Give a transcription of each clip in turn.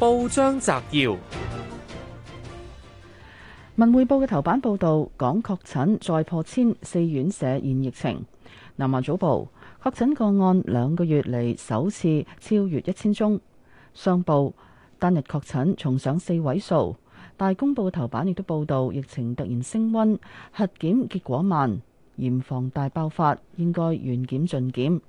報章摘要：《文匯報》嘅頭版報道，港確診再破千，四院舍現疫情。南華早報確診個案兩個月嚟，首次超越一千宗。商報單日確診重上四位數。大公報嘅頭版亦都報道，疫情突然升溫，核檢結果慢，嚴防大爆發，應該完檢盡檢。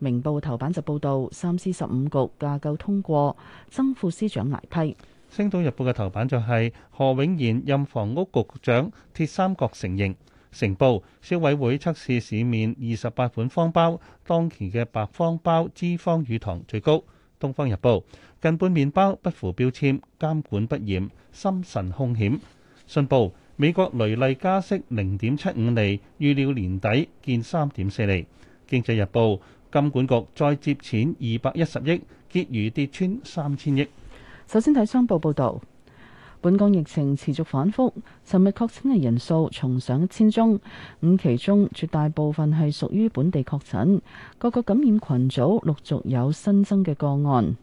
明報頭版就報道，三司十五局架構通過，曾副司長捱批。星島日報嘅頭版就係何永賢任房屋局局長，鐵三角成形。成報，消委會測試市面二十八款方包，當期嘅白方包脂肪與糖最高。東方日報，近半麵包不符標籤，監管不嚴，心神兇險。信報，美國雷利加息零點七五厘，預料年底見三點四厘。經濟日報。金管局再接錢二百一十億，結餘跌穿三千億。首先睇商報報導，本港疫情持續反覆，尋日確診嘅人數重上一千宗，咁其中絕大部分係屬於本地確診，各個感染群組陸續有新增嘅個案。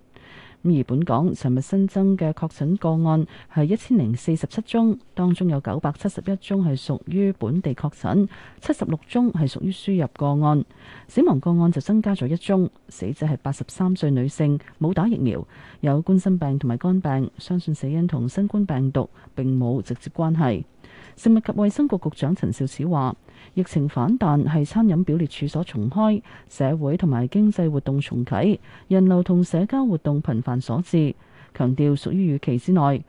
而本港尋日新增嘅確診個案係一千零四十七宗，當中有九百七十一宗係屬於本地確診，七十六宗係屬於輸入個案。死亡個案就增加咗一宗，死者係八十三歲女性，冇打疫苗，有冠心病同埋肝病，相信死因同新冠病毒並冇直接關係。食物及衛生局局長陳肇始話：疫情反彈係餐飲表列處所重開、社會同埋經濟活動重啟、人流同社交活動頻繁所致，強調屬於預期之內。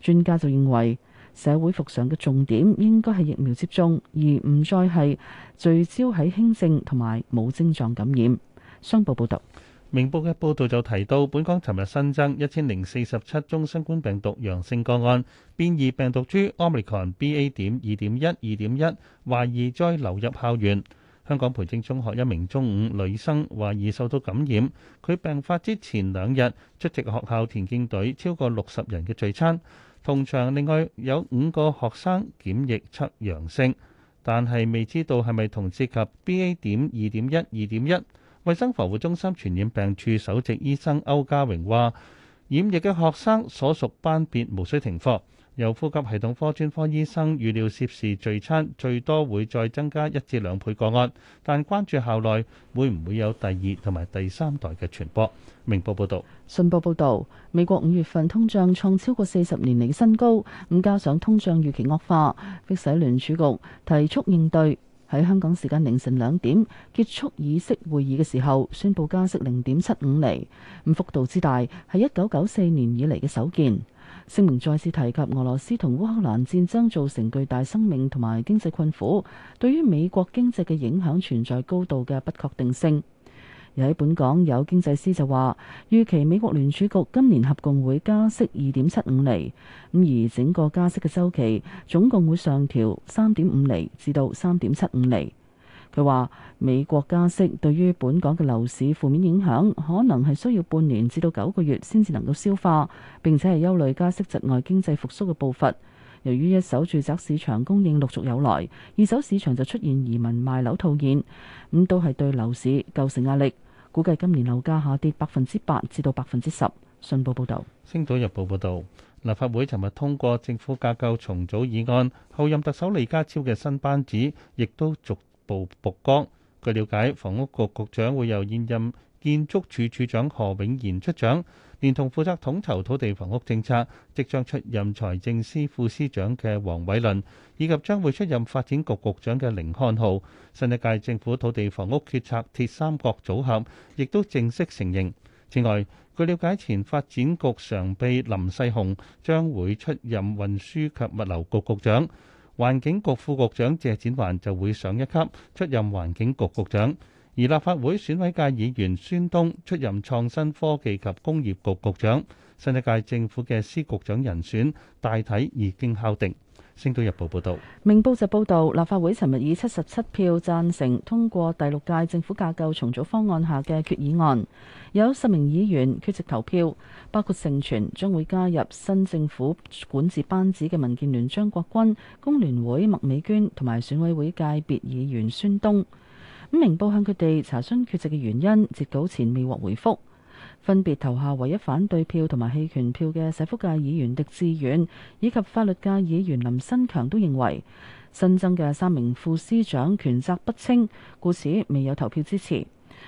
專家就認為，社會復常嘅重點應該係疫苗接種，而唔再係聚焦喺輕症同埋冇症狀感染。商報報道。明報嘅報導就提到，本港尋日新增一千零四十七宗新冠病毒陽性個案，變異病毒株 Omicron BA. 點二點一二點一，懷疑再流入校園。香港培正中學一名中五女生懷疑受到感染，佢病發之前兩日出席學校田徑隊超過六十人嘅聚餐，同場另外有五個學生檢疫測陽性，但係未知道係咪同涉及 BA. 點二點一二點一。衛生防護中心傳染病處首席醫生歐家榮話，染疫嘅學生所屬班別無需停課。有呼吸系統科專科醫生預料涉事聚餐最多會再增加一至兩倍個案，但關注校內會唔會有第二同埋第三代嘅傳播。明報報道，信報報道，美國五月份通脹創超過四十年嚟新高，咁加上通脹預期惡化，迫使聯儲局提速應對。喺香港時間凌晨兩點結束議息會議嘅時候，宣布加息零點七五厘。咁幅度之大係一九九四年以嚟嘅首見。聲明再次提及俄羅斯同烏克蘭戰爭造成巨大生命同埋經濟困苦，對於美國經濟嘅影響存在高度嘅不確定性。又喺本港有經濟師就話，預期美國聯儲局今年合共會加息二點七五厘，咁而整個加息嘅週期總共會上調三點五厘至到三點七五厘。佢話美國加息對於本港嘅樓市負面影響，可能係需要半年至到九個月先至能夠消化，並且係憂慮加息窒礙經濟復甦嘅步伐。由於一手住宅市場供應陸續有來，二手市場就出現移民賣樓套現，咁都係對樓市構成壓力。估計今年樓價下跌百分之八至到百分之十。信報報導，《星島日報》報道，立法會尋日通過政府架構重組議案，候任特首李家超嘅新班子亦都逐步曝光。據了解，房屋局局長會由現任。建築署署長何永賢出掌，連同負責統籌土地房屋政策，即將出任財政司副司長嘅黃偉綸，以及將會出任發展局局長嘅甯漢豪，新一屆政府土地房屋決策鐵三角組合亦都正式成形。此外，據瞭解，前發展局常秘林世雄將會出任運輸及物流局局長，環境局副局長謝展環就會上一級出任環境局局長。而立法會選委界議員孫東出任創新科技及工業局局長，新一屆政府嘅司局長人選大體已經敲定。星島日報報道，明報就報,報,報導，立法會尋日以七十七票贊成通過第六屆政府架構重組方案下嘅決議案，有十名議員缺席投票，包括盛傳將會加入新政府管治班子嘅民建聯張國軍、工聯會麥美娟同埋選委會界別議員孫東。明報向佢哋查詢缺席嘅原因，截稿前未獲回覆分別投下唯一反對票同埋棄權票嘅社福界議員狄志遠以及法律界議員林新強都認為，新增嘅三名副司長權責不清，故此未有投票支持。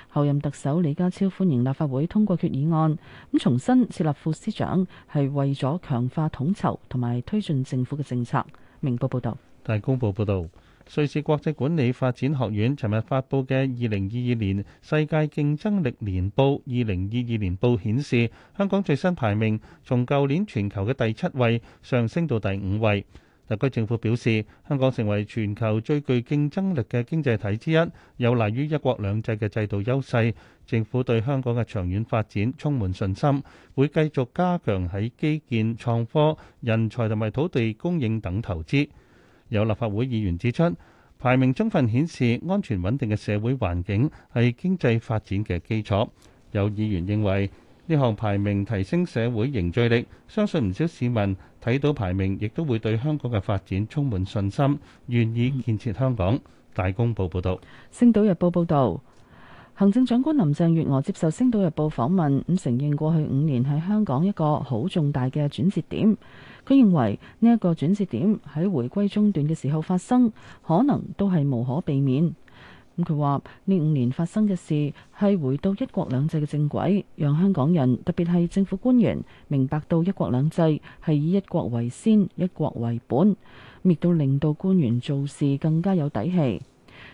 候任特首李家超歡迎立法會通過決議案，咁重新設立副司長係為咗強化統籌同埋推進政府嘅政策。明報報道，大公報報道。瑞士國際管理發展學院尋日發布嘅《二零二二年世界競爭力年報》二零二二年報顯示，香港最新排名從舊年全球嘅第七位上升到第五位。特區政府表示，香港成為全球最具競爭力嘅經濟體之一，有賴於一國兩制嘅制度優勢。政府對香港嘅長遠發展充滿信心，會繼續加強喺基建、創科、人才同埋土地供應等投資。有立法會議員指出，排名充分顯示安全穩定嘅社會環境係經濟發展嘅基礎。有議員認為呢項排名提升社會凝聚力，相信唔少市民睇到排名，亦都會對香港嘅發展充滿信心，願意建設香港。大公報報導，《星島日報》報導。行政長官林鄭月娥接受《星島日報》訪問，咁承認過去五年係香港一個好重大嘅轉折點。佢認為呢一個轉折點喺回歸中段嘅時候發生，可能都係無可避免。咁佢話：呢五年發生嘅事係回到一國兩制嘅正軌，讓香港人特別係政府官員明白到一國兩制係以一國為先、一國為本，亦都令到官員做事更加有底氣。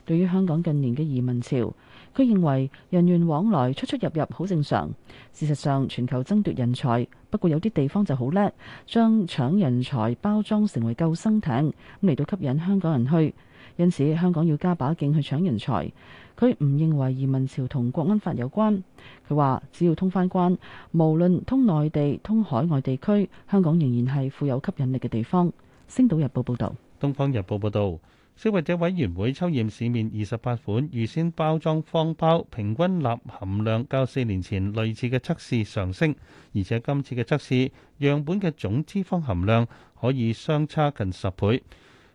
對於香港近年嘅移民潮，佢認為人員往來出出入入好正常，事實上全球爭奪人才，不過有啲地方就好叻，將搶人才包裝成為救生艇咁嚟到吸引香港人去。因此香港要加把勁去搶人才。佢唔認為移民潮同國安法有關。佢話只要通返關，無論通內地、通海外地區，香港仍然係富有吸引力嘅地方。星島日報報道。東方日報報導。消費者委員會抽驗市面二十八款預先包裝方包，平均鈉含量較四年前類似嘅測試上升，而且今次嘅測試樣本嘅總脂肪含量可以相差近十倍。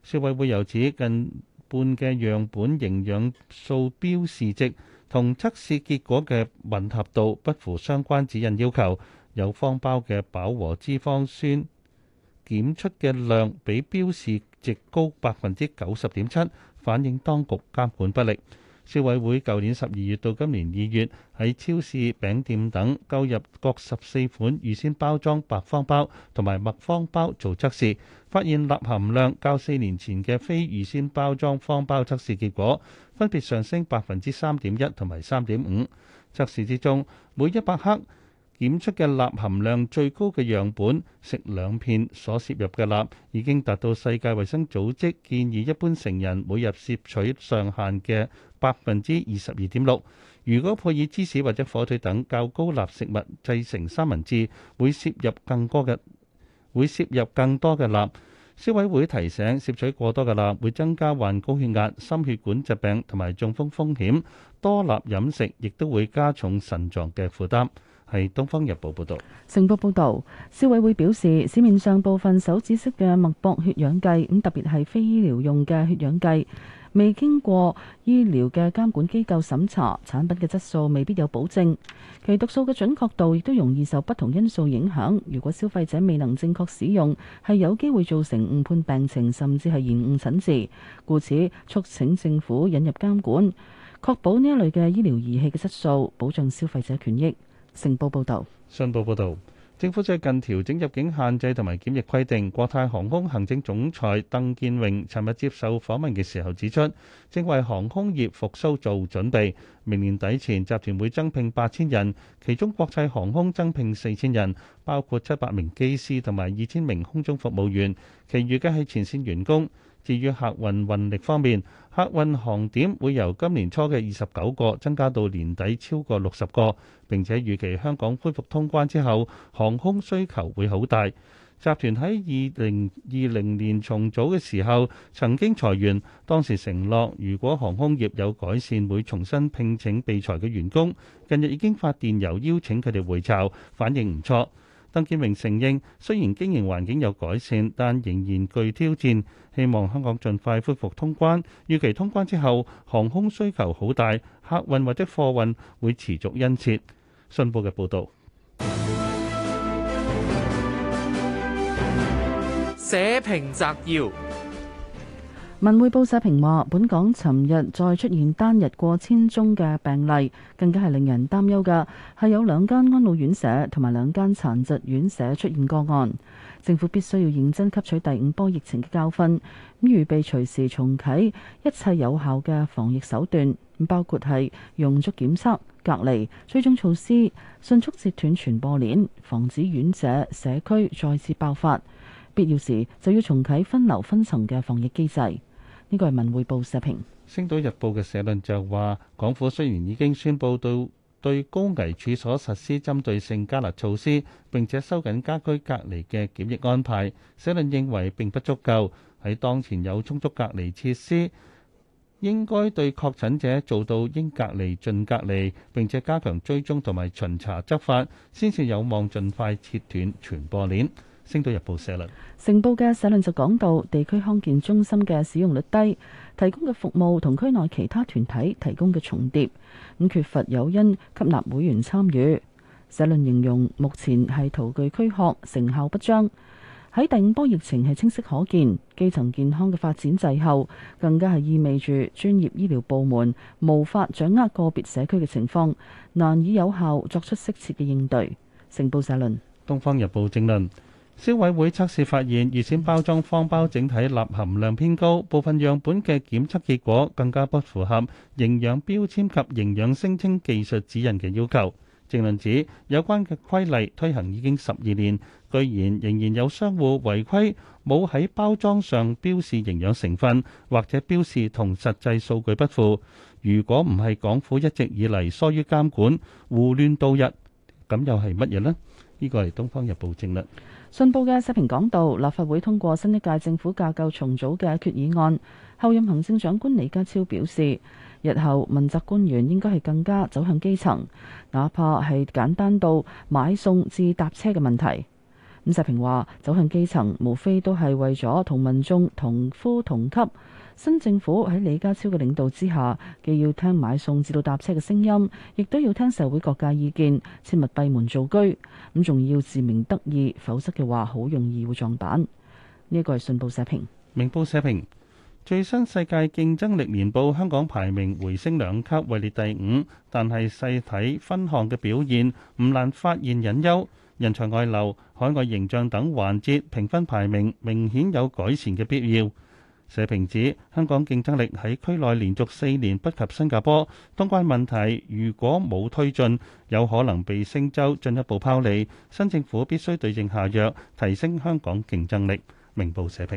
消委會又指，近半嘅樣本營養素標示值同測試結果嘅吻合度不符相關指引要求，有方包嘅飽和脂肪酸。檢出嘅量比標示值高百分之九十點七，反映當局監管不力。消委會舊年十二月到今年二月，喺超市、餅店等購入各十四款預先包裝白方包同埋麥方包做測試，發現鈉含量較四年前嘅非預先包裝方包測試結果分別上升百分之三點一同埋三點五。測試之中，每一百克檢出嘅鈉含量最高嘅樣本，食兩片所攝入嘅鈉已經達到世界衞生組織建議一般成人每日攝取上限嘅百分之二十二點六。如果配以芝士或者火腿等較高鈉食物製成三文治，會攝入更多嘅會攝入更多嘅鈉。消委會提醒，攝取過多嘅鈉會增加患高血壓、心血管疾病同埋中風風險，多鈉飲食亦都會加重腎臟嘅負擔。係《東方日報》報道，成報報道，消委會表示，市面上部分手指式嘅脈搏血氧計，咁特別係非醫療用嘅血氧計，未經過醫療嘅監管機構審查，產品嘅質素未必有保證，其讀數嘅準確度亦都容易受不同因素影響。如果消費者未能正確使用，係有機會造成誤判病情，甚至係延誤診治。故此，促請政府引入監管，確保呢一類嘅醫療儀器嘅質素，保障消費者權益。成報報道，商報報導，政府最近調整入境限制同埋檢疫規定。國泰航空行政總裁鄧建榮尋日接受訪問嘅時候指出，正為航空業復甦做準備。明年底前，集團會增聘八千人，其中國泰航空增聘四千人，包括七百名機師同埋二千名空中服務員，其餘嘅係前線員工。至於客運運力方面，客運航點會由今年初嘅二十九個增加到年底超過六十個，並且預期香港恢復通關之後，航空需求會好大。集團喺二零二零年重組嘅時候曾經裁員，當時承諾如果航空業有改善，會重新聘請被裁嘅員工。近日已經發電郵邀請佢哋回巢，反應唔錯。鄧建明承認，雖然經營環境有改善，但仍然具挑戰。希望香港盡快恢復通關。預期通關之後，航空需求好大，客運或者貨運會持續殷切。信報嘅報導。社評摘要。文匯報社評話：本港尋日再出現單日過千宗嘅病例，更加係令人擔憂嘅。係有兩間安老院舍同埋兩間殘疾院舍出現個案。政府必須要認真吸取第五波疫情嘅教訓，咁預備隨時重啟一切有效嘅防疫手段，包括係用足檢測、隔離、追蹤措施，迅速截斷傳播鏈，防止院舍、社區再次爆發。必要時就要重啟分流分層嘅防疫機制。呢個係文匯報社評，《星島日報》嘅社論就話，港府雖然已經宣布到對高危處所實施針對性加辣措施，並且收緊家居隔離嘅檢疫安排，社論認為並不足夠。喺當前有充足隔離設施，應該對確診者做到應隔離盡隔離，並且加強追蹤同埋巡查執法，先至有望盡快切斷傳播鏈。《星島日報》社論。成報嘅社論就講到地區康健中心嘅使用率低，提供嘅服務同區內其他團體提供嘅重疊，咁、嗯、缺乏誘因吸納會員參與。社論形容目前係徒具軀殼，成效不彰。喺第五波疫情係清晰可見，基層健康嘅發展滯後，更加係意味住專業醫療部門無法掌握個別社區嘅情況，難以有效作出適切嘅應對。成報社論。《東方日報》正論。消委會測試發現，預先包裝方包整體鈉含量偏高，部分樣本嘅檢測結果更加不符合營養標籤及營養聲稱技術指引嘅要求。正論指，有關嘅規例推行已經十二年，居然仍然有商戶違規，冇喺包裝上標示營養成分，或者標示同實際數據不符。如果唔係港府一直以嚟疏於監管、胡亂度日，咁又係乜嘢呢？呢個係《東方日報》政略信報嘅社評講到，立法會通過新一屆政府架構重組嘅決議案。後任行政長官李家超表示，日後問責官員應該係更加走向基層，哪怕係簡單到買餸至搭車嘅問題。咁社評話：走向基層，無非都係為咗同民眾同呼同吸。新政府喺李家超嘅領導之下，既要聽買餸至到搭車嘅聲音，亦都要聽社會各界意見，切勿閉門造車，咁仲要自鳴得意，否則嘅話，好容易會撞板。呢一個係信報社評，明報社評，最新世界競爭力年報香港排名回升兩級，位列第五。但係細睇分項嘅表現唔難發現隱憂，人才外流、海外形象等環節評分排名明顯有改善嘅必要。社評指香港競爭力喺區內連續四年不及新加坡，通關問題如果冇推進，有可能被星洲進一步拋離。新政府必須對症下藥，提升香港競爭力。明報社評。